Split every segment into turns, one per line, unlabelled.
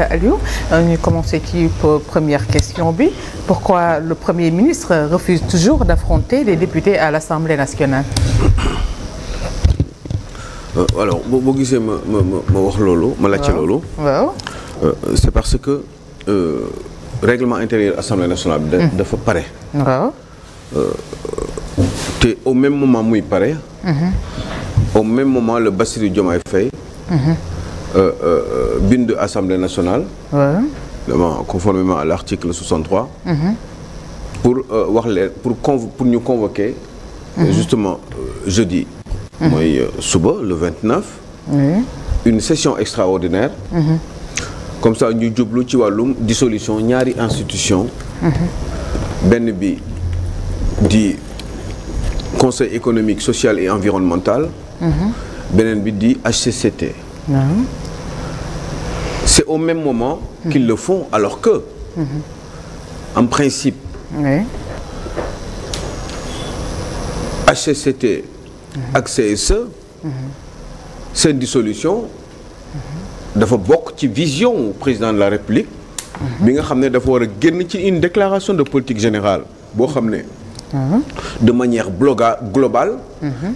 ak Aliou ñuy commencer euh, première question bi pourquoi le Premier ministre refuse toujours d'affronter les députés à l'Assemblée nationale
euh, alors boo boo gisee ma euh, c'est parce que euh, règlement intérieur Assemblée nationale bi mm. dafa pare waaw au même moment muy pare mm-hmm. au même moment le Bassirou Diomaye Faye mm-hmm. bind assemblée nationale. waaw ouais. à l' mhm. pour euh, wax pour convo ñu convoquer. Mm justement euh, jeudi. Mhm. suba le 29. une session extraordinaire. Mhm. comme ça ñu jublu ci wàllum dissolution ñaari institution benn bi di conseil économique social et environnemental. beneen bi di HCCT. c'est au même moment qu'ils le font alors que mhm. en principe oui. HCCT mhm. ak CSE mhm. seen dissolution dafa bokk ci vision président de la République bi nga xam ne dafa war a génn ci une déclaration de politique générale boo xam ne de manière globale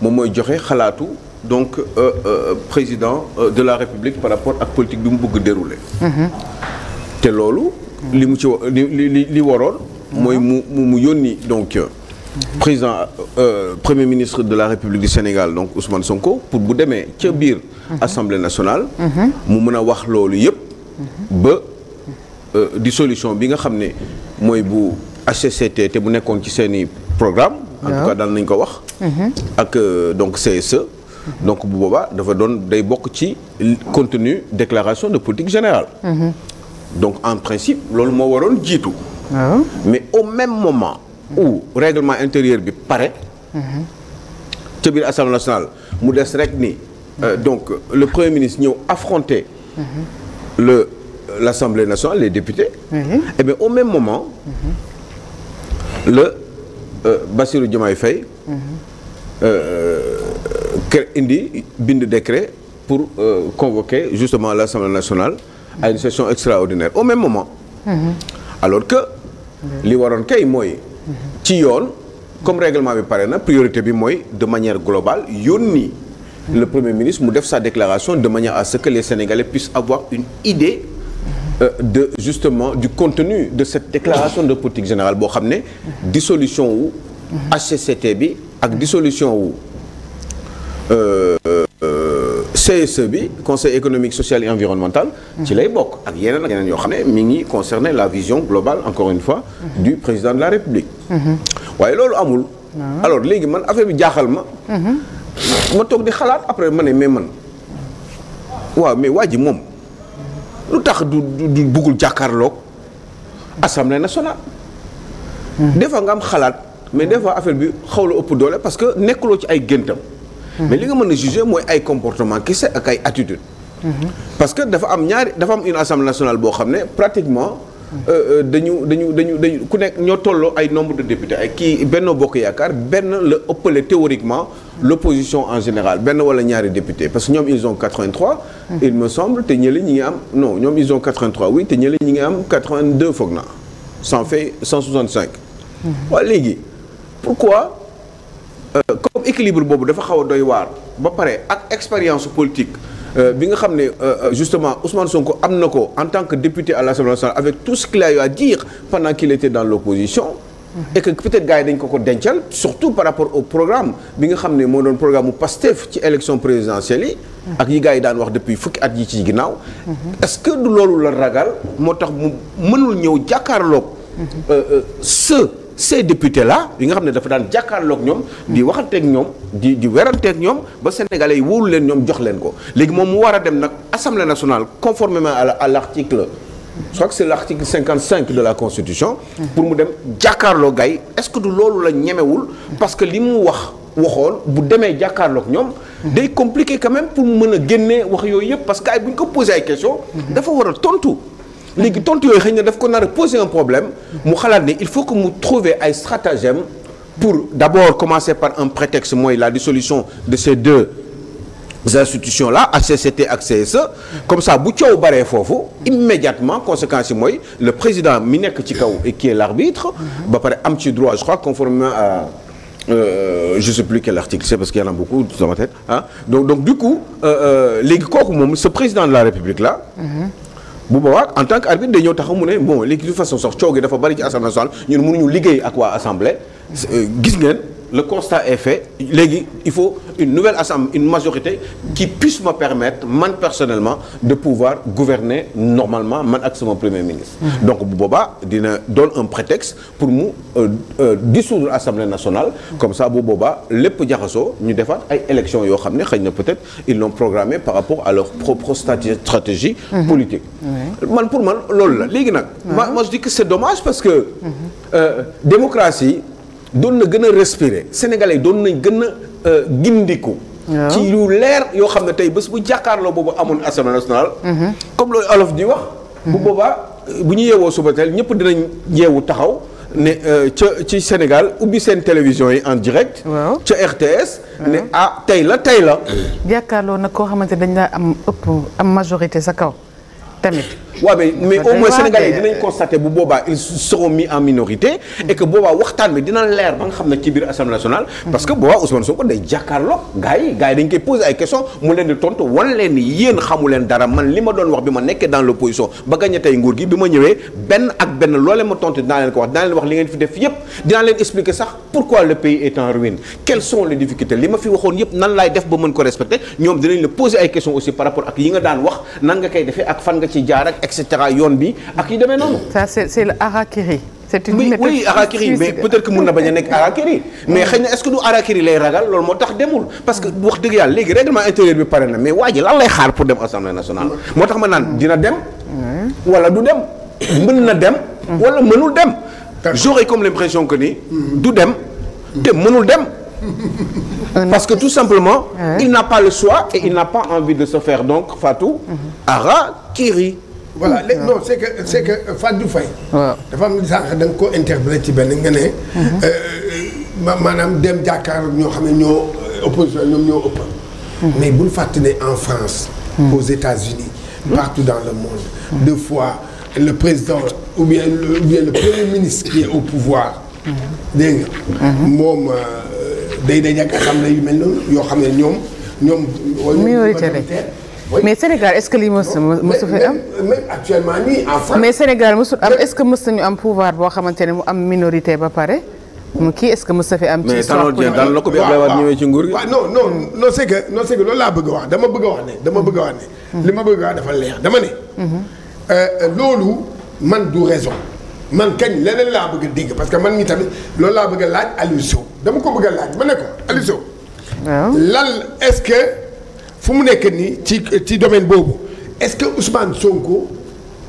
moom mooy joxe xalaatu donc euh, euh, président euh, de la république par rapport ak politique bi mu bëgg dérouler te loolu li mu ci li li waroon mooy mu mu yónni donc euh, président euh, premier ministre de la république du Sénégal donc Ousmane Sonko pour bu demee ca biir assemblée nationale mu mën a wax loolu yëpp ba di solution bi nga xam ne mooy bu HCCT te bu nekkoon ci seeni programme en tout cas daal nañ ko wax mhm. ak donc CSE donc bu booba dafa doon day bokk ci contenu déclaration de politique générale. Mm-hmm. donc en principe loolu moo waroon jiitu. mais au même moment. où règlement intérieur bi pare. Mm-hmm. ca biir assemblée nationale mu des rek ni. Euh, mm-hmm. donc le premier ministre ñëw affronter. le euh, l' nationale les députés. et au même moment. le euh, Bassirou Diomaye Faye. indi bind décret pour euh, convoquer justement l'Assemblée nationale à une session extraordinaire au même moment mm-hmm. alors que mm-hmm. li waroon kay mooy mm-hmm. ci yoon comme réglement bi pare na priorité bi mooy de manière globale yónni le premier ministre mu def sa déclaration de manière à ce que les Sénégalais puissent avoir une idée euh, de justement du contenu de cette déclaration de politique générale boo xam ne dissolution wu HCCT bi ak dissolution wu Euh, euh, CSE bi conseil économique social et environnemental. ci lay bokk ak yeneen ak yeneen yoo xam ne mi ngi concerné la vision globale encore une fois. du président de la république. Mhm. waaye loolu amul. Ah. alors léegi man affaire bi jaaxal ma. Mhm. ma toog di xalaat après ma ne mais man waaw mais waa ji moom lu tax du du buggul jàkkaarloog assemblée nationale. Mhm. des fois nga am xalaat mais des fois affaire bi xaw la ëpp doole parce que nekkuloo ci ay géntam. mais li nga mën a jugé mooy ay comportement kese ak ay attitude parce que dafa am ñaari dafa am une assemblée nationale boo xam ne pratiquement mm-hmm. euh, euh, dañu dañu dañu dañu ku nekk ñoo tolloo ay nombre de députés ki kii Benno Bokk Yaakaar benn la ëppale théoriquement mm-hmm. l'opposition en général benn wala ñaari député parce que ñoom ils ont 83 mm-hmm. il me semble te ñële ñi ngi am non ñoom ils ont 83 oui te ñële ñi ngi am 82 foog na ça fait 165 waaw léegi comme équilibre boobu dafa xaw a doy waar ba pare ak expérience politique euh, bi nga xam ne euh, euh, justement Ousmane ko am na ko en tant que député à l'Assemblée nationale avec tout ce qu'il a eu à dire pendant qu'il était dans l'opposition mm-hmm. et que peut-être dañ ko ko dencal surtout par rapport au programme bi nga xam ne moo doon programme mu Pastef ci élection présidentielle yi mm-hmm. ak yi gars daan wax depuis fukki at yi ci ginnaaw
mm-hmm.
est-ce que du loolu la ragal moo tax mu mënul ñëw jàkkaarloog ces députés là yi nga xam ne dafa daan jàkkaarloog ñoom di waxanteeg ñoom di di weranteeg ñoom ba sénégalais yi wóolu leen ñoom jox leen ko léegi moom mu war a dem nag assemblée nationale conformément à à l' article je crois que c' est l' de la constitution pour mu dem jàkkaarloo gay est ce que du loolu la ñemewul parce que li mu wax waxoon bu demee jàkkaarloog ñoom day compliqué quand même pour mu mën a génnee wax yooyu yëpp parce que ay bu ñu ko posé ay dafa war a tontu léegi tontu yooyu xëy na daf ko nar a poser un problème mu xalaat ni il faut que mu trouver ay stratagème pour d'abord commencer par un prétexte mooy la dissolution de ces deux institutions là HCCT ak CSE comme ça bu coow baree foofu immédiatement conséquence yi mooy le président mi nekk ci kaw et qui est l'arbitre ba pare am ci droit je crois conformément à Euh, je sais plus quel article c'est parce qu'il y en a beaucoup dans ma tête ah donc donc du coup euh, euh, léegi kooku moom ce président de la République là. Mm-hmm. bu boobaa en tant que arbitre day ñëw taxaw mu ne bon léegi de façon sax coow dafa bari ci assemblée nationale ñun mënuñu liggéey ak waa assemblée euh, gis ngeen. le constat est fait léegi il faut une nouvelle assemblée une majorité qui puisse me permettre man personnellement de pouvoir gouverner normalement man ak sama premier ministre. Mm-hmm. donc bu boobaa dina doon un prétexte pour mu euh, euh, dissoudre assemblée nationale. Mm-hmm. comme ça bu boobaa lépp jaxasoo ñu defaat ay élections yoo xam ne xëy na peut-être ils l'ont programmé par rapport à leur propre stratégie mm-hmm. politique. man pour man loolu la léegi nag. moi je dis que c'est dommage parce que. Euh, démocratie. doon na gën a respirer sénégalais doon na gën a euh, gindiku. ci yu leer yoo xam ne tey bés bu jàkkaarloo boobu amoon assemblée nationale. Mm-hmm. comme loolu olof di wax. bu mm-hmm. boobaa bu ñu yeewoo suba teel ñëpp dinañ yeewu taxaw. ne euh, ca ci Sénégal ubbi seen télévision yi en direct. waaw ca RTS. ne ah tey la tey la.
jàkkaarloo nag koo xamante dañ laa am ëpp am majorité sa kaw. tamit.
waaw mais mais au dinañ euh, constater bu boobaa ils seront mis en minorité. Mm. et boobaa waxtaan bi dina leer ba nga xam ne ci biir assemblée nationale. Mm. parce que boobaa Ousmane wax l' opposition ba gagné li ngeen fi def yépp dinaa leen expliquer sax pourquoi le pays est en ruine nan laay def ba mën ko respecter ñoom dinañ la poser ay questions aussi par rapport ak yi nga daan wax nan nga koy defee ak fan nga ci jaar ak et cetera yoon bi ak yu demee noonu.
ça c'est c'est le harakiri. c'est une méthode oui mais peut-être que mun na
bañ a nekk harakiri mais xëy na est-ce que du harakiri lay ragal loolu moo tax demul parce que wax dëgg yàlla léegi règlement intérieur bi pare na mais waa ji lan lay xaar pour dem assemblée nationale. moo tax ma naan dina dem. wala du dem. mën na dem. wala mënul dem. j'aurais comme l'impression que ni. du dem. te mënul dem. Euh, parce que tout simplement ouais. il n'a pas le choix et il n'a pas envie de se faire donc Fatou mhm. Ara Kiri voilà léegi non
c'est que c'est que euh, Fatou Faye dafa am sànq da nga ko interprété ci benn nga ne mhm. euh, maanaam dem jàkkaar ñoo xam ne ñoo opposition ñoom ñoo ëpp mhm. mais bul fàtte ne en France aux États-Unis partout dans le monde deux fois le président ou bien le, ou bien le premier ministre qui est au pouvoir dégg nga moom day day ñàkk xam ne yu mel noonu yoo xam ne ñoom ñoom. minorité lañ
mais Sénégal est-ce que lii mës mësu fi am.
même actuellement
mais Sénégal mësul am est-ce que mës nañu am pouvoir boo xamante ne mu am minorité ba pare.
mu kii est-ce que mës na fi am. ci histoire mais Tanor ko bi Abdoulaye laa bëgg wax dama bëgg wax ne. dama bëgg wax ne. Mhm. li ma bëgg a wax dafa leer dama ne. Mhm. Euh, loolu man du raison. man kañ leneen laa bëgg a dégg parce que man mi tamit loolu laa bëgg a laaj Aliou dama ko bëgg a laaj ma ne ko Aliou Sow est-ce que fu mu nekk nii ci ci domaine boobu est-ce que Ousmane Sonko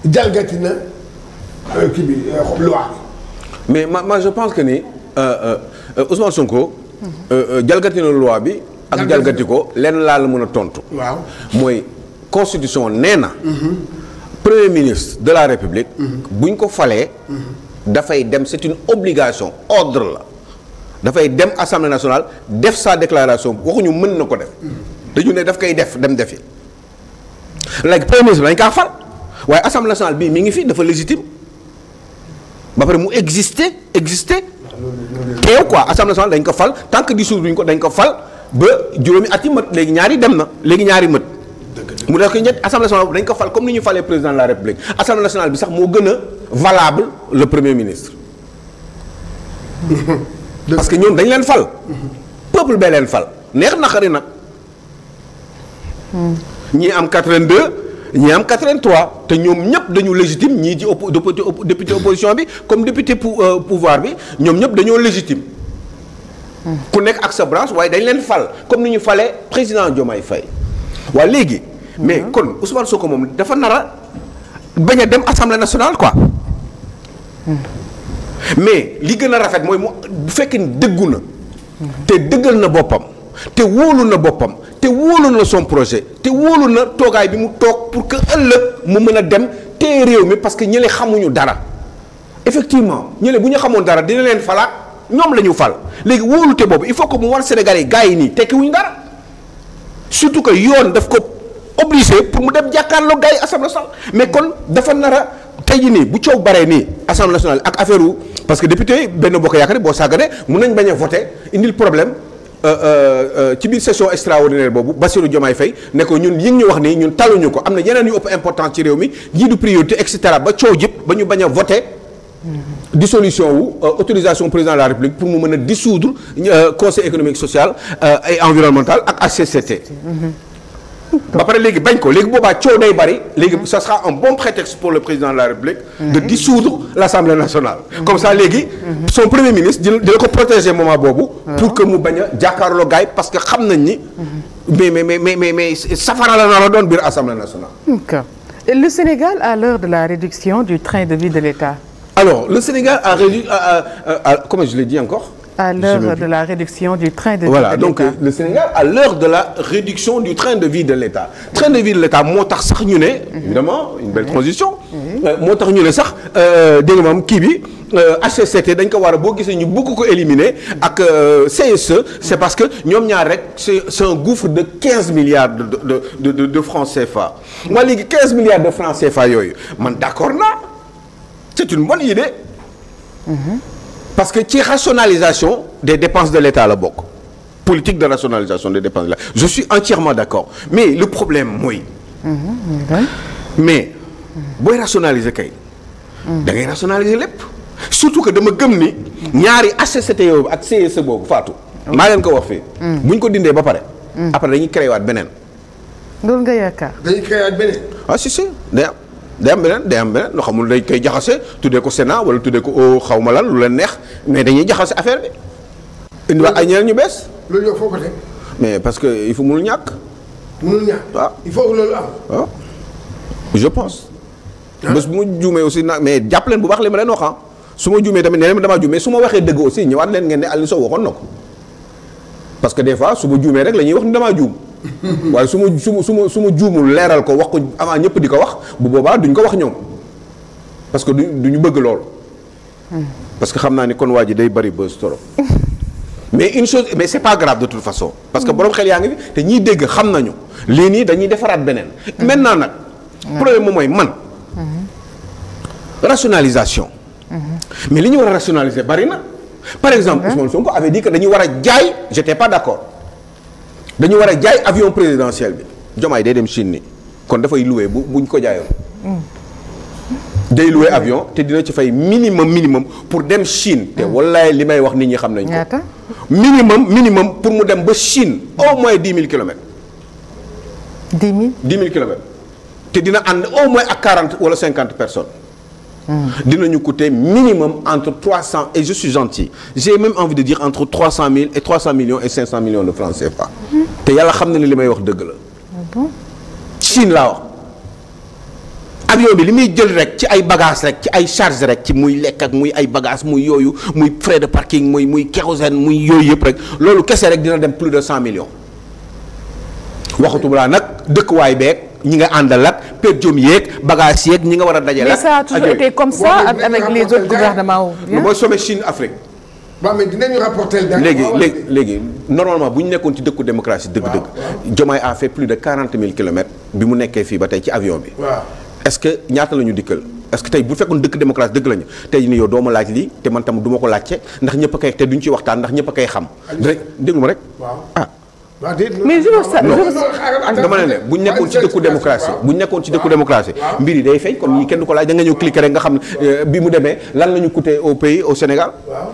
jalgati na euh, kii euh, bi
mais ma pense que ni euh, euh, euh Ousmane Sonko. jalgati bi. ak jalgati ko lenn laa la mën a tontu. waaw mooy constitution nee na. Mhm. premier ministre de la république. Mhm. buñ ko falee. Mhm. dafay dem c'est une obligation ordre la. dafay dem assemblée nationale def sa déclaration waxuñu mën na ko def dañu ne daf koy def dem defi léegi premier ministre dañ kaa fal waaye assemblée nationale bii mi ngi fi dafa légitime ba pare mu exister exister teew quoi assemblée nationale dañ ko fal tant que dissoudre buñ ko dañ ko fal ba juróomi at yi mët léegi ñaari dem na léegi ñaari mët. mu def ko ñett assemblée nationale dañ ko fal comme ni ñu falee président de la république assemblée nationale bi sax moo gën a valable le premier ministre. parce que ñoom dañu leen fal. peuple bee leen fal neex na naqari nag. ñii am 82. ñi am 83 te ñoom ñëpp dañu légitime ñii di op député opposition bi comme député euh, pouvoir bi ñoom ñëpp dañoo légitime. ku nekk ak sa branche waaye dañ leen fal comme ni ñu falee président Diomaye fay waa léegi. mais mhm. kon Ousmane ko moom dafa nara a bañ a dem assemblée national quoi. Mhm. mais li gën a rafet mooy mu bu fekkee ni dëggu na te dëggal na boppam te wóolu na boppam te wóolu na son projet te wóolu na toogaay bi mu toog pour que ëllëg mu mën a dem te réew mi parce que ñële xamuñu dara effectivement ñële bu ñu xamoon dara dina leen falaat ñoom la ñu fal léegi te boobu il faut que mu war Sénégalais yi gars yi nii tekkiwuñu dara surtout que yoon daf ko obligé pour mu dem jàkkaarloo gars yi assemblée mais kon dafa nara tey jii nii bu coow baree nii assemblée nationale ak affaire wu parce que député benn bokk yaakaar boo sàgganee mun nañ bañ a voté indil problème euh, euh, euh, ci biir session extraordinaire boobu Bassirou Diomaye Faye ne ko ñun yi ñu wax nii ñun taluñu ko am na yeneen yu ëpp importance ci réew mi jii du priorité et cetera ba coow jëpp ba ñu bañ a voté dissolution wu autorisation président de la république pour mu mën a dissoudre conseil économique social et environnemental ak HCCT. Mm-hmm. ba pare léegi bañ ko léegi boobaa coow day bari léegi mm. ça sera un bon prétexte pour le président de la République mm. de dissoudre l'Assemblée nationale mm. comme ça léegi mm-hmm. son premier ministre dina ko protéger moment boobu ah. pour que mu bañ a jàkkaarloo gaay parce que xam nañ ni mm-hmm. mais mais mais mais mais safara la na la doon biir Assemblée nationale
le Sénégal à l'heure de la réduction du train de vie de l'État
alors le Sénégal a réduit comment je l'ai dit encore
à réduction du voilà, vie donc
le Sénégal à l'heure de la réduction du train de vie de l'État. train de vie de l'État moo tax sax ñu ne. évidemment une belle transition. Euh, moo tax ñu ne sax euh, dégg nga maam kii bi. HCCT euh, dañ ko war a boo gisee ñu bëgg ko éliminer ak CSE c'est parce que ñoom ñaar rek c'est un gouffre de 15 milliards de de de de, francs CFA. léegi 15 milliards de francs CFA yooyu man d'accord naa c'est une bonne idée. Mm-hmm. parce que ci rationalisation de dépenses de l'État la bokk politique de rationalisation des dépenses de l'État je suis entièrement d'accord mais le problème mooy. mais booy rationaliser kay. da ngay lépp. surtout que dama gëm ni. ñaari HCCT yooyu ak CESE boobu Fatou. maa leen ko wax fii. Mm. bu ñu ko dindee ba pare. Mm. après dañuy créé waat beneen.
loolu nga yaakaar.
day am beneen day am beneen loo xamul dañ koy jaxase tudde ko Sénat wala tuddee ko o oh, xaw ma lan lu leen neex mais dañuy jaxase affaire bi. indiwaat ay ñu bees. loolu yow foo ko parce que il faut mënul ñàkk. mënul ñàkk waaw ah. il faut loolu am. Ah. je pense. Ah. bés bu ma juumee aussi nag mais jàpp leen bu baax li ma leen su ma juumee tamit nee leen su ma waxee dëgg aussi ñëwaat leen ngeen ne Aliou Sow waxoon na ko parce que des fois su ma juumee rek la ñuy wax ni damaa juum. waaye su ma su ma su ma su leeral ko wax ko avant ñëpp di ko wax bu boobaa duñ ko wax ñoom parce que du du ñu bëgg lool. parce que xam naa ni kon waa ji day bari bës trop. mais une chose mais c'est pas grave de toute façon. parce que borom xel yaa ngi fi te ñiy dégg xam nañu lii nii dañuy defaraat beneen. maintenant nag. problème mu mooy man.
Mm-hmm.
rationalisation.
Mm-hmm.
mais li ñu war a rationaliser bari na. par exemple mm-hmm. Ousmane Sonko avait dit que dañu war a jaay j'étais pas d'accord. dañu war a jaay avion présidentiel bi Diomaye day dem Chine ni kon dafay loué bu buñ ko jaayoon. Mm. day loué mm. avion te dina ci fay minimum minimum pour dem Chine. te mm. wallaay li may wax nit ñi xam nañ ko. minimum minimum pour mu dem ba Chine au moins dix mille kilomètres. dix mille dix te dina ànd au moins ak quarante wala cinquante personnes. Mm. dinañu coûter minimum entre trois cent et je suis gentil j'ai même envie de dire entre trois cent mille et trois cent millions et cinq cent millions de francs CFA. Mm-hmm. te yàlla xam na ne li may wax dëgg la.
Mm-hmm.
Chine laa wax. avion bi li muy jël rek ci ay bagages rek ci ay charges rek ci muy lekk ak muy ay bagages muy yooyu muy frais de parking muy muy kérosène muy yooyu yëpp rek loolu kese rek dina dem plus de cent millions. waxatuma laa nag dëkkuwaay beeg ñi nga àndal ak perjum yeeg bagage yeeg ñi nga war a dajale. mais ça a toujours
comme ça avec les autres gouvernements
bu ñu nekkoon ci dëkku démocratie dëgg-dëgg. Diomaye a fait plus de quarante mille kilomètres bi mu nekkee fii ba tey ci avion bi. est ñaata la dikkal. parce tey bu fekkoon dëkk démocratie dëgg lañu tey ni yow doo laaj lii te man tam du ko laajte ndax ñëpp a koy te duñ ci waxtaan ndax ñëpp a koy xam. déglu ma rek
mais je
veux
dama ne
ne bu ñu nekkoon ci dëkku démocratie bu ñu nekkoon ci dëkku démocratie mbir yi day feeñ kon ñi kenn du ko laaj da nga ñëw cliquer rek nga xam ne euh, bi mu demee lan la ñu coûté au pays au Sénégal. waaw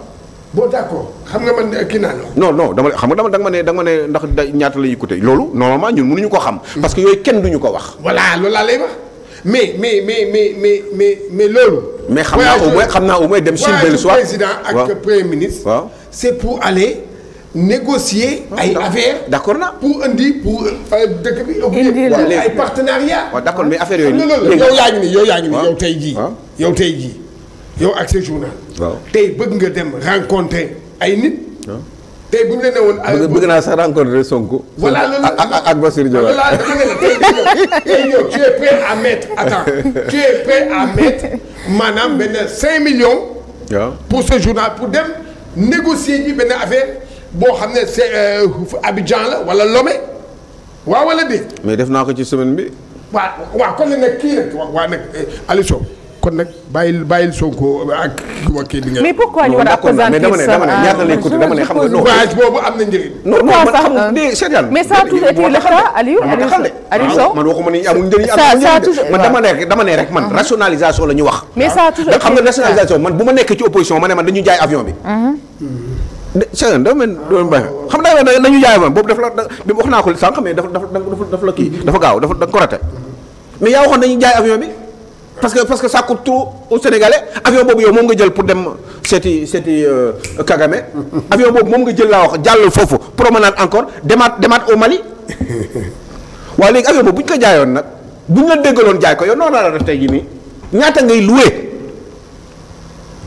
bon d'accord xam nga man kii naa non non dama xam nga dama da nga ma ne da nga ma ne ndax ñaata la ñuy coûté loolu normalement ñun mënuñu ko xam. Hmm. parce que yooyu kenn duñu ko wax. voilà loolu laa lay
wax mais mais mais mais mais mais mais loolu. mais xam naa au moins xam naa au moins dem. Chine dellu si président ak
premier ministre.
c'est pour aller négocier ah, ay affaire d'accord na pour indi pour euh, dëkk bi. indi ay partenariat. waaw d'accord mais affaire yooyu. Ah, yow yaa nii yow yaa ngi yow tey jii. yow tey jii yow ak sa journal. tey bëgg nga dem rencontrer ay nit. tey bu ñu la ne bëgg ah, naa sax
rencontrer Sonko. voilà loolu ak ak ak Bassirou Diomaye.
maanaam benn 5 millions. pour ce journal pour dem négocier ji benn affaire. boo xam ne c'est euh, Abidjan la wala Lomé waaw wala de
mais def naa ko ci semaine bi.
waaw waaw kon nag kii rek waaw nag euh, Aliou kon nag bàyyil bàyyil Sonko ak kii di nga. mais pourquoi a ne dama euh, na
njëriñ. non non man xam nga
de Sénégal. mais ça a toujours
été
man dama ne dama ne rek man ah. rationalisation la ñu wax. mais
a toujours été xam nga rationalisation
man bu ma nekk ci opposition ma ne man dañu jaay avion bi.
Mm-hmm. Mm-hmm.
de un domaine doon xam naa ne nañu jaay ma boobu dafa la bi wax naa ko sànq mais da ko mais yaa waxoon nañu jaay avion parce que parce que ça coûte trop au Sénégalais avion boobu yow moom nga jël pour dem seeti seeti euh, Kagame avion moom nga jël laa wax jàll foofu promenade encore demaat demaat au Mali waaye léegi avion boobu bu ñu ko jaayoon nag bu ñu la déggaloon jaay ko yow noonu laa la def tey jii nii ñaata ngay loué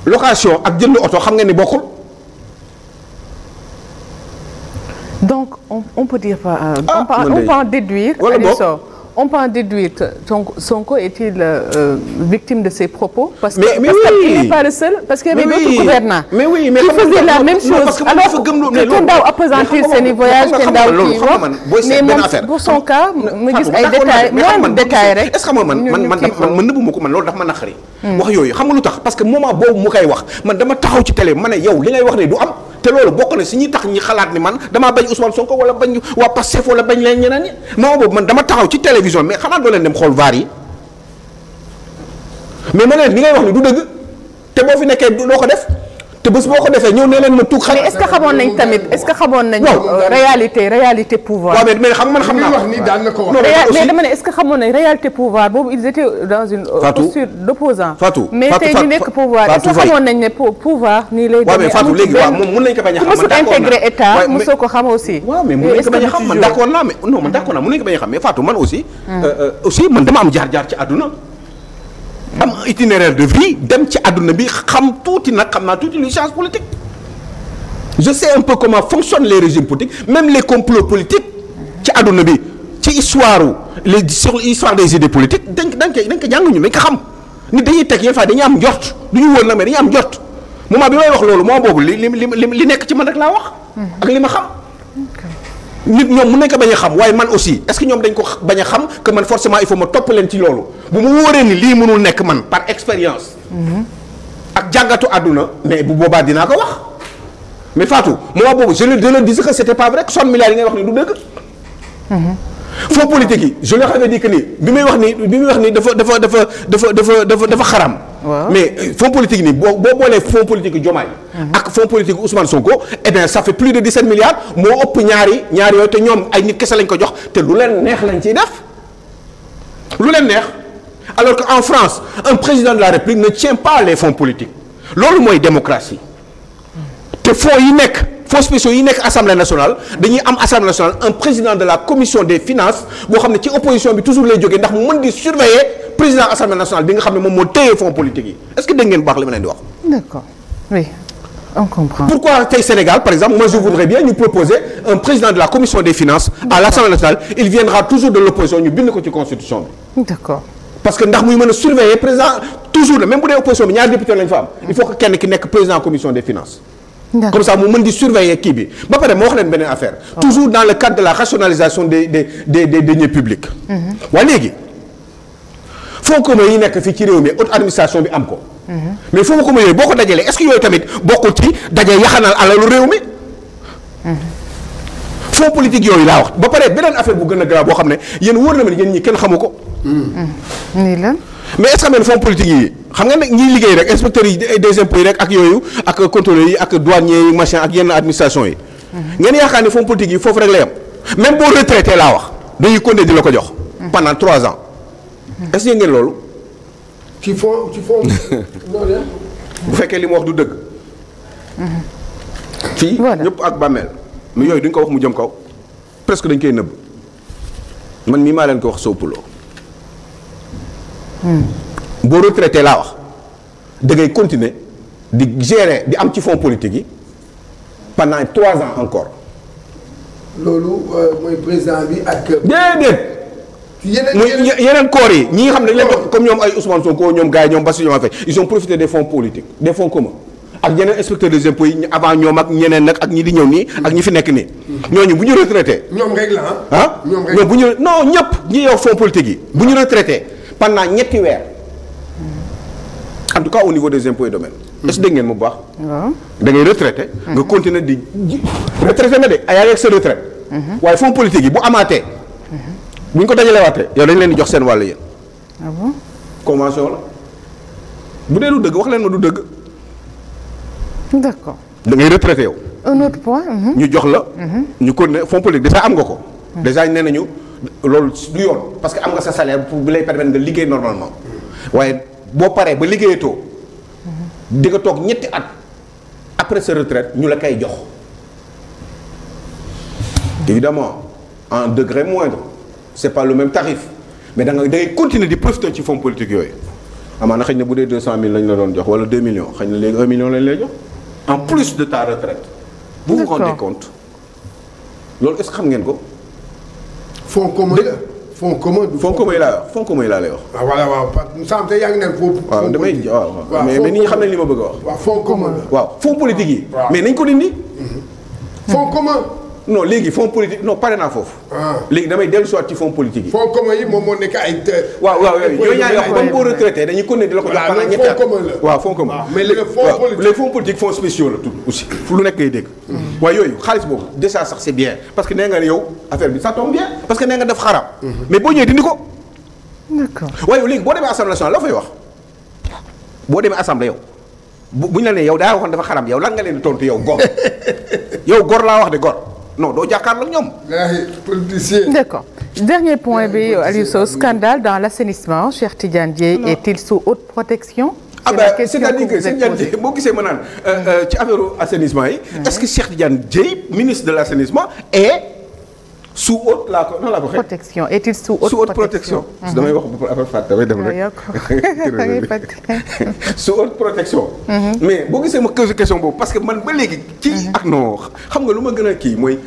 location ak jënd oto xam nga ni bokkul. donc on, on peut dire euh, ah, on, peut, on peut en
déduire voilà Aliou Sow on peut en déduire donc Sonko est-il victime de ses propos. parce que n'est pas le seul. parce qu'il y avait gouvernants. mais oui la même chose alors que kenn daaw appesantir seen pour son cas ma gis ay détails moins de
détails rek. est-ce que man man man man dafa ma naqari. wax yooyu xam nga lu tax parce que moment boobu mu koy wax man dama taxaw ci télé ma ne yow li ngay wax ne du am. te loolu bokk na si ñu tax ñi xalaat ni man dama bañ Ousmane Sonko wala bañ waa Pastef wala bañ leen ñeneen ñi moment boobu man dama taxaw ci télévision mais xanaa doo leen dem xool vaar yi mais ma leen li ngay wax ni du dëgg te boo fi nekkee doo ko def. te bés boo ko defee ñëw ne leen ma tuug xar. mais est-ce que xamoon nañ tamit est-ce que xamoon nañu. Euh,
réalité réalité pouvoir. waaw mais mais xam man xam naa wax
ni
daan na ko wax. mais
dama ne est-ce que xamoon nañ réalité pouvoir boobu ils étaient dans une. Euh, posture d'opposant.
Fatou mais tey ñu nekk
pouvoir est-ce que xamoon nañ ne pouvoir nii lay demee. waaw mais Fatou léegi waaw moom mën nañ ko bañ a xam. man d'accord naa intégré état mosoo ko xam aussi. waaw mais mën nañ ko bañ a xam man d'accord
naa mais non man d'accord naa mën nañ ko bañ a xam mais Fatou man aussi. Hmm. Euh, aussi man dama am jaar jaar ci àdduna am itinéraire de vie dem ci àdduna bi xam tuuti nag xam naa tuuti luy science politique je sais un peu comment fonctionnent les régimes politiques même les complots politiques ci àdduna bi ci histoire les sur l'histoire des idées politiques dañ dañ ko dañ ko jàng ñu dañ ko xam nit dañuy teg yenn fois dañuy am njort duñu wóor nag mais dañuy am njort moment bi may wax loolu moo boobu li li li nekk ci ma rek laa wax ak li ma xam nit ñoom mu nañ ko bañ a xam waaye man aussi est que ñoom dañ ko bañ a xam que man forcément il faut ma topp leen ci loolu bu mu wóoree ni lii mënul nekk man par expérience. Mm-hmm. ak jàngatu àdduna mais bu boobaa dinaa ko wax mais Fatou moment boobu je le je le disais que c'était pas vrai soixante milliards yi ngay wax ni du dëgg. Mm-hmm. faux politique yi je leur avais dit que ni bi may wax ni bi muy wax ni dafa dafa dafa dafa dafa dafa dafa xaram. mais euh, faux politique boo boo boolee faux politique yi Mhm. ak fonds politique Ousmane Sonko eh bien ça fait plus de 17 milliards moo ëpp ñaari ñaari yooyu te ñoom ay nit kese lañ ko jox te lu leen neex lañ ciy def lu leen neex alors que en France un président de la République ne tient pas les fonds politiques loolu mooy démocratie te fonds yi nekk fonds spéciaux yi nekk assemblée nationale dañuy am assemblée nationale un président de la commission des finances boo xam ne ci opposition bi toujours lay jógee ndax mu mën di surveiller président assemblée xam ne moom moo téye fonds politique yi est-ce que on comprend pourquoi tey Sénégal par exemple moi je voudrais bien ñu proposer un président de la commission des finances à l'Assemblée nationale il viendra toujours de l'opposition ñu bind ko constitution bi parce que ndax muy mën surveiller président toujours la même bu dee opposition bi ñaari député lañ fa am mm. il faut que kenn ki nekk président commission des finances comme ça mu mën di surveiller kii bi ba pare moo wax leen beneen affaire oh. mm-hmm. fii ci réew mi bi am ko mais foo ma ko ma yooyu boo ko dajalee est-ce que yooyu tamit bokkul ci daje yaxanal alalu réew mi. fonds politique yooyu laa wax ba pare beneen affaire bu gën a grave boo xam ne yéen wóor na ma ni yéen ñi kenn xamu ko. nii la. mais est-ce que xam fonds politique yi xam nga nag ñiy liggéey rek inspecteurs yi des impôts yi rek ak yooyu ak contrôleurs yi ak douaniers yi machin ak yenn administration yi. ngeen yaakaar ne fonds politique yi foofu rek la yem même boo retraité laa wax dañuy continuer di la ko jox. pendant trois ans. est-ce que ngeen loolu. ci fond ci fond. bu fekkee li mu wax du dëgg. Mhm. fii ñëpp ak bàmmeel mais yooyu duñ ko wax mu jëm kaw presque dañ koy nëbb man mii maa leen ko wax soppaloo. Hmm. boo retraité laa wax da ngay continuer di gérer di am ci fonds politique yi pendant trois ans encore.
loolu euh, mooy président bi ak.
déedéet. yeneen yeneen corps yi ñi nga xam ne leen jox comme ñoom ay Ousmane Sonko ñoom gars yi ñoom Bassirou Diomaye Faye ils ont profité des fonds politiques des fonds communs ak yeneen inspecteur des impôts yi avant ñoom nii ak ñi fi bu ñu retraité. ñoom rek la ah. ah? ñoom rek bu ñu non ñëpp ñi yor fonds politique yi bu ñu retraité pendant ñetti weer en tout cas au niveau des impôts et domaines. est-ce dégg ngeen mu baax. waaw da ngay retraité. nga mm-hmm. continuer di retraité na de ay ak sa retraite. Mm-hmm. waaye fonds politique yi bu amaatee. bu ñu ko dajalee waatee yow dañ leen di jox seen wàll yéen. ah bon. convention la bu dee du dëgg wax leen ma du dëgg. d'accord. da ngay retraité yow.
un autre uh-huh. ñu jox la. Uh-huh.
ñu ko ne fonds politique déjà am nga ko. Uh-huh. déjà nee nañu loolu du yoon parce que am nga sa salaire pour bi lay permettre nga liggéey normalement waaye boo paree ba liggéeyatoo. di nga toog ñetti at après sa retraite ñu la koy jox. évidemment en degré moindre. c' est pas le même tarif mais da nga da ngay continuer di profiter ci fonds politique yooyu amaana xëy na bu dee 200000 lañ la doon jox wala 2 millions xëy na léegi 1 million lañ lay jox en plus de ta retraite. vous vous rendez compte loolu est ce que xam ngeen ko.
fonds commun la
fonds commun. fonds commun yi laa wax fonds commun yi laa lay wax. waaw ah, voilà waaw sànq yaa ngi ne foofu. waaw damay waaw waaw mais mais xam nañ li ma bëgg a wax. waaw fonds commun yi. mais nañ ko dindi.
fonds
non léegi fonds politique non pare naa foofu. Ah. léegi damay dellu si waat ci fonds politique yi. fonds commun yi moom moo nekk ay. waaw waaw yooyu ñaari wax comme boo retraité dañuy continuer di la ko jox. xanaa ah, ñetti at waaw ah, léegi hmm. yooyu xaalis boobu déjà sax c'est bien parce que nee nga yow affaire bi ça tombe bien parce que nee nga def xaram. Hmm. mais boo ñëwee dindi ko. waaye léegi boo demee assemblée nationale la fay wax boo demee assemblée yow. bu bu ñu la nee yow daa waxoon dafa xaram yow lan nga leen di tontu yow gor yow gor laa wax de gor non doo jàkkaarloo ak ñoom. politicien. d'accord dernier
point bi Aliou Sow scandale dans l'assainissement Cheikh Tidiane Dièye est-il sous haute protection.
ah ben c'est-à-dire que Cheikh Tidiane Dièye boo gisee ma naan euh, euh, ci affaire assainissement yi. est-ce que Cheikh Tidiane Dièye ministre de l'assainissement est sous haute laa la ko xeex. protection est-il sous haute. sous haute damay wax ba affaire fàtte damay dem rek. sous haute protection. Mhm. mais boo gisee ma question boobu parce que man ba léegi. ci mhm. ak non xam nga lu ma gën a kii mooy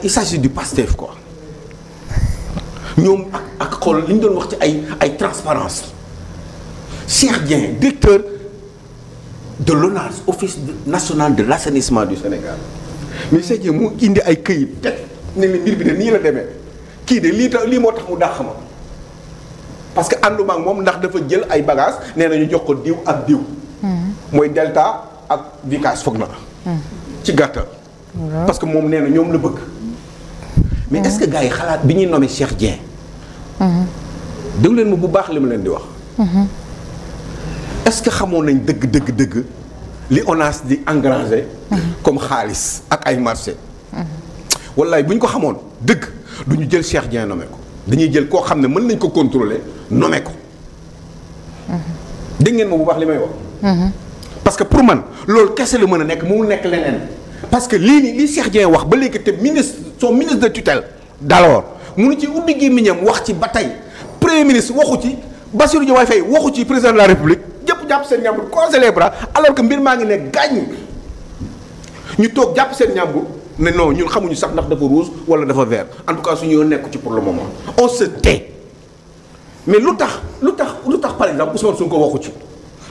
il s'agit du Pastef quoi ñoom ak ak xool li ñu doon wax ci ay ay transparence Cheikh dien directeur de l'ONAS office national de l'assainissement du Sénégal mais Cheikh Dieng mu indi ay këyit teg. ne li de nii la demee kii de lii tax lii moo tax mu dàq ma parce que ànduma moom ndax dafa jël ay bagages nee na ñu jox ko diw ak diw. Hmm. mooy delta ak Vicas foog na. Hmm. ci gàttal. parce que moom nee na ñoom la bëgg. mais est-ce hmm. yi xalaat bi ñuy nommé Cheikh Dieng. déglu leen ma bu baax li ma leen di wax. est-ce que xamoon nañ dëgg dëgg dëgg li ONAS di engranger. comme xaalis ak ay marché. wallaay bu ñu ko xamoon dëgg du ñu jël Cheikh Dieng nommé ko dañuy jël koo xam ne mën nañ ko contrôler nommé ko. dégg ngeen ma bu baax li may wax. parce que pour man loolu kese la mën a nekk mu mu nekk leneen parce que lii nii li Cheikh wax ba léegi te ministre son ministre de tutelle d'alors munu ci ubbi gémmiñam wax ci ba tey premier ministre waxu ci Bassirou Diomaye Faye waxu ci président de la république jëpp jàpp seen ñàmbur croiser les bras alors mbir maa ngi ne gaañ ñu toog jàpp seen ñàmbur. mais non ñun xamuñu sax ndax dafa rouge wala dafa vert en tout cas suñu yoon nekku ci pour le moment on se tait mais lu tax lu tax lu tax pare par exemple Ousmane ko waxu ci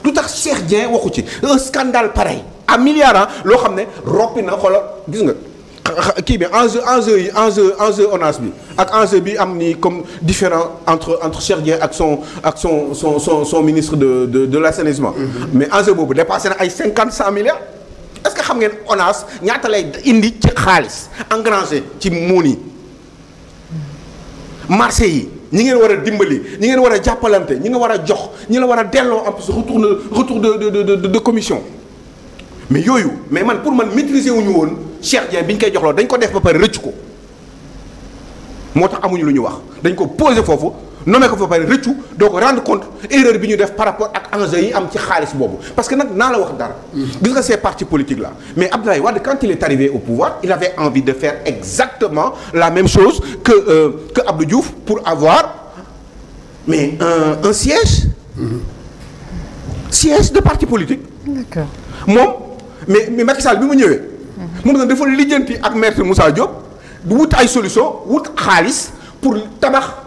lu tax Cheikh Dieng waxu ci un scandale pareil à milliards loo xam ne roppi na xoolal gis nga kii bi enjeu enjeu yi enjeu enjeu ONAS bi ak enjeu bi am ni comme différent entre entre Cheikh Dieng ak son ak son son son son ministre de de de l'assainissement. Mm-hmm. mais enjeu boobu dépassé na ay cinquante cent milliards. xam ngeen ONAS ñaata lay indi ci xaalis engrangé ci muun yi marché yi ñi ngeen war a dimbali ñi ngeen war a jàppalante ñi nga war a jox ñi la war a delloo en plus retour de retour de de de commission. mais yooyu mais man pour man maîtriser wuñu woon Cheikh Dieng bi ñu koy joxloo dañ ko def ba pare rëcc ko moo tax amuñu lu ñu wax dañ ko posé foofu. nommé ko fa pare rëccu doo ko rendre compte erreur bi ñu def par rapport ak enjeu yi am ci xaalis boobu parce que nag naa la wax dara. gis nga ces partis politiques là mais Abdoulaye Wade quand il est arrivé au pouvoir il avait envie de faire exactement la même chose que euh, que Abdou Diouf pour avoir mais un un siège. siège de parti politique. d'accord moom mais mais Macky bi mu ñëwee. moom nag dafa lijjanti ak maître Moussa Diop. du wut ay solution wut xaalis pour tabax.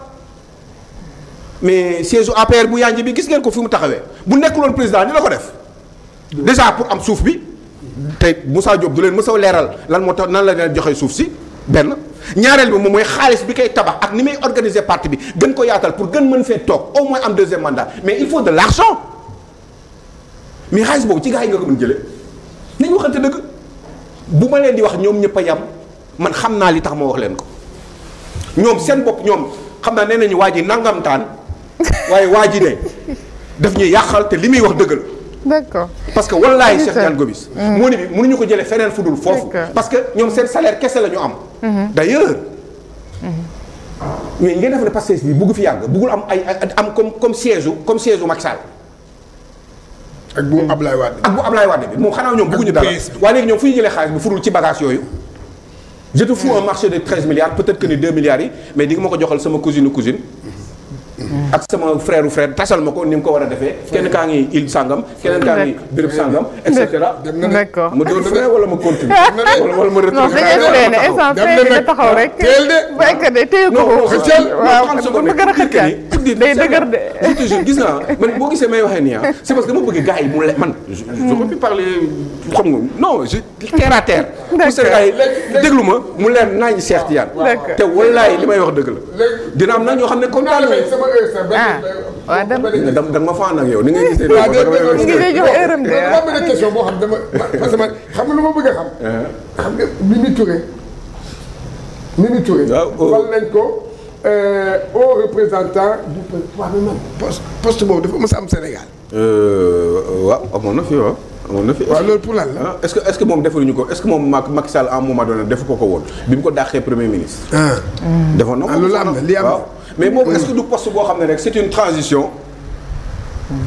mais siège APR bu yànj bi gis ngeen ko fi mu taxawee bu nekk nekkuloon président la ko def. déjà pour am suuf bi. tey Moussa Diop du leen mës a leeral lan moo tax nan la leen joxee suuf si benn ñaareel bi moom mooy xaalis bi koy tabax ak ni may organiser parti bi gën ko yaatal pour gën mën fee toog au moins am deuxième mandat mais il faut de l'argent mais xaalis boobu ci gars yi nga ko mën jëlee nañ waxante dëgg bu ma leen di wax ñoom ñëpp a yam man xam naa li tax ma wax leen ko ñoom seen bopp ñoom xam naa nee nañu waa ji nangamtaan. waaye waa ji ne daf ñuy yàqal te li muy wax dëgg la. d'accord parce que wallaahi Cheikh Tidiane Gomis. Hmm. moo ni bi mënuñu ko jëlee feneen fu dul foofu. parce que ñoom seen salaire kese la ñu am. Hmm. d'ailleurs. Hmm. mais ngeen def ne Pastef fi yàgg buggul am ay am comme comme siège u comme siège u Macky Sall. ak bu Ablaye Wade. ak bu Ablaye Wade bi moom xanaa ñoom bëgguñu dara waaye léegi ñoom fu ñu jëlee xaalis bi furul ci bagage yooyu. je te fous marché de 13 milliards peut que ni 2 ak sama frère ou frère tasal ma ko ni mu ko war a defee. kenn kaa ngi il sangam. keneen kaa ngi béréb sangam et d'accord ma doon frein wala ma continuer. wala ma retourné. non dañuy freiné ko. waaw bu gën a xëccal day dëgër de. je te jure gis naa man boo gisee may waxee nii ah c'est parce que dama bëgg gars yi mu le man. je peux hmm. plus parler xam nga non je d'accord d'accord te wallaay li may wax dëgg la. dina am na ñoo xam ne kontaan
ah
da nga ma faan ak yow ni nga gisee. waaw dégg nga jox erreur de waaw dama question
boo xam dama parce que man xam nga lu ma bëgg a xam.
Ah. xam
nga Mimi Touré. Mimi Touré. waaw ah, oh. fal nañ ko euh, haut représentant du peuple waaw mais man poste poste boobu dafa mës a am Sénégal.
Euh, waaw amoon na fi waaw. moom na fi waaw loolu pour lan la. Ah, est-ce que est-ce que moom defuñu ko est-ce que moom Macky Sall à un moment donné defu ko ko woon bi mu ko dàqee premier ministre. defoon na ko waaw li am mais moom est-ce que du poste boo xam ne rek c'est une transition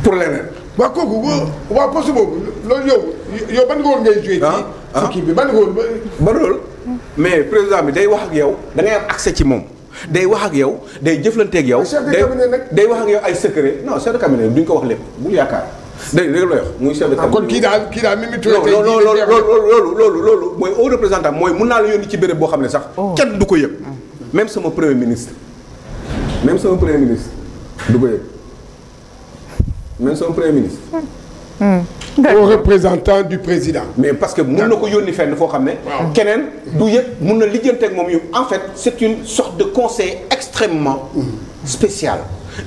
pour leneen. waaw kooku waa poste boobu loolu yow yow ban rôle ngay joué. ah ah kii bi ban rôle ba rôle mais président bi day wax ak yow da am accès ci moom. day wax ak yow day jëflanteeg yow. day wax ak yow ay secret non chef de cabinet duñ ko wax lépp bul yaakaar day léegi wax muy chef de ah, cabinet. kon kii daal kii daal Mimi Touré mooy haut mun naa la yónni ci béréb boo xam ne sax. Oh. kenn du ko yëg. Oh. même sama premier ministre. même sama premier ministre du ko yëg même sama premier ministre. Hmm. Hmm. au représentant du président. mais parce que mun na ko yónni fenn foo xam ne. keneen du yëg mun na lijjante ak moom yu en fait c' est une sorte de conseil extrêmement hmm. spécial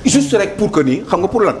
juste rek pour que nii xam nga pour lan.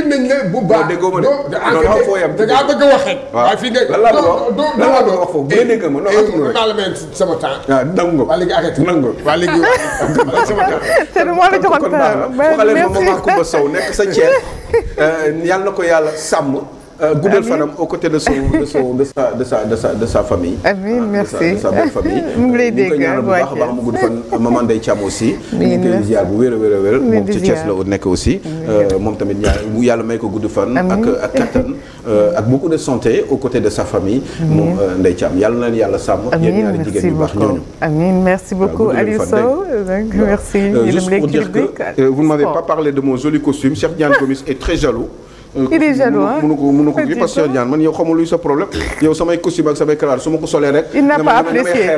dégg la bu baax. déggoo ma de da ngaa bëgg a wax rek. waaw fii nga. lan laa bëgg a wax foofu bu la dégg ma non atum la rek ah, ah. sama temps. waaw nangu ko waa léegi arrêté nangu ko waa léegi sama temps. te du ma la joxoon temps nekk sa ceeb euh, yal na ko yàlla sàmm. Euh, guddal fanam aux côtés de son de son de sa de sa de sa de sa ah, a baax mu gudd fan maman Ndeye Thiam aussi. mi ngi koy ziar bu wér a wér a la nekk aussi. Euh, moom tamit ñaar yàlla may fan. ak kattan euh, ak beaucoup de santé aux côtés de sa famille. moom Ndeye Thiam yàlla na leen yàlla sàmm.
amiin merci beaucoup yéen ñaari jigéen merci beaucoup Aliou Sow pour dire
que vous ne m'avez pas parlé de mon joli costume Cheikh Diagne Gomis est très jaloux Euh, Idrissa Rouane mënu ko mënu ko kii parce que man yow xamul luy sa problème yow samay costume ak samay cravate su ma ko solee rek. il n'a pas apprécié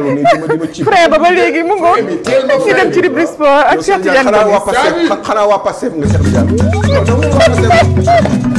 frère ba ba léegi mu ngoon ci dem ci rubrique sport ak Cheikh Tidiane xanaa waa Pastef xanaa waa Pastef nga Cheikh
Tidiane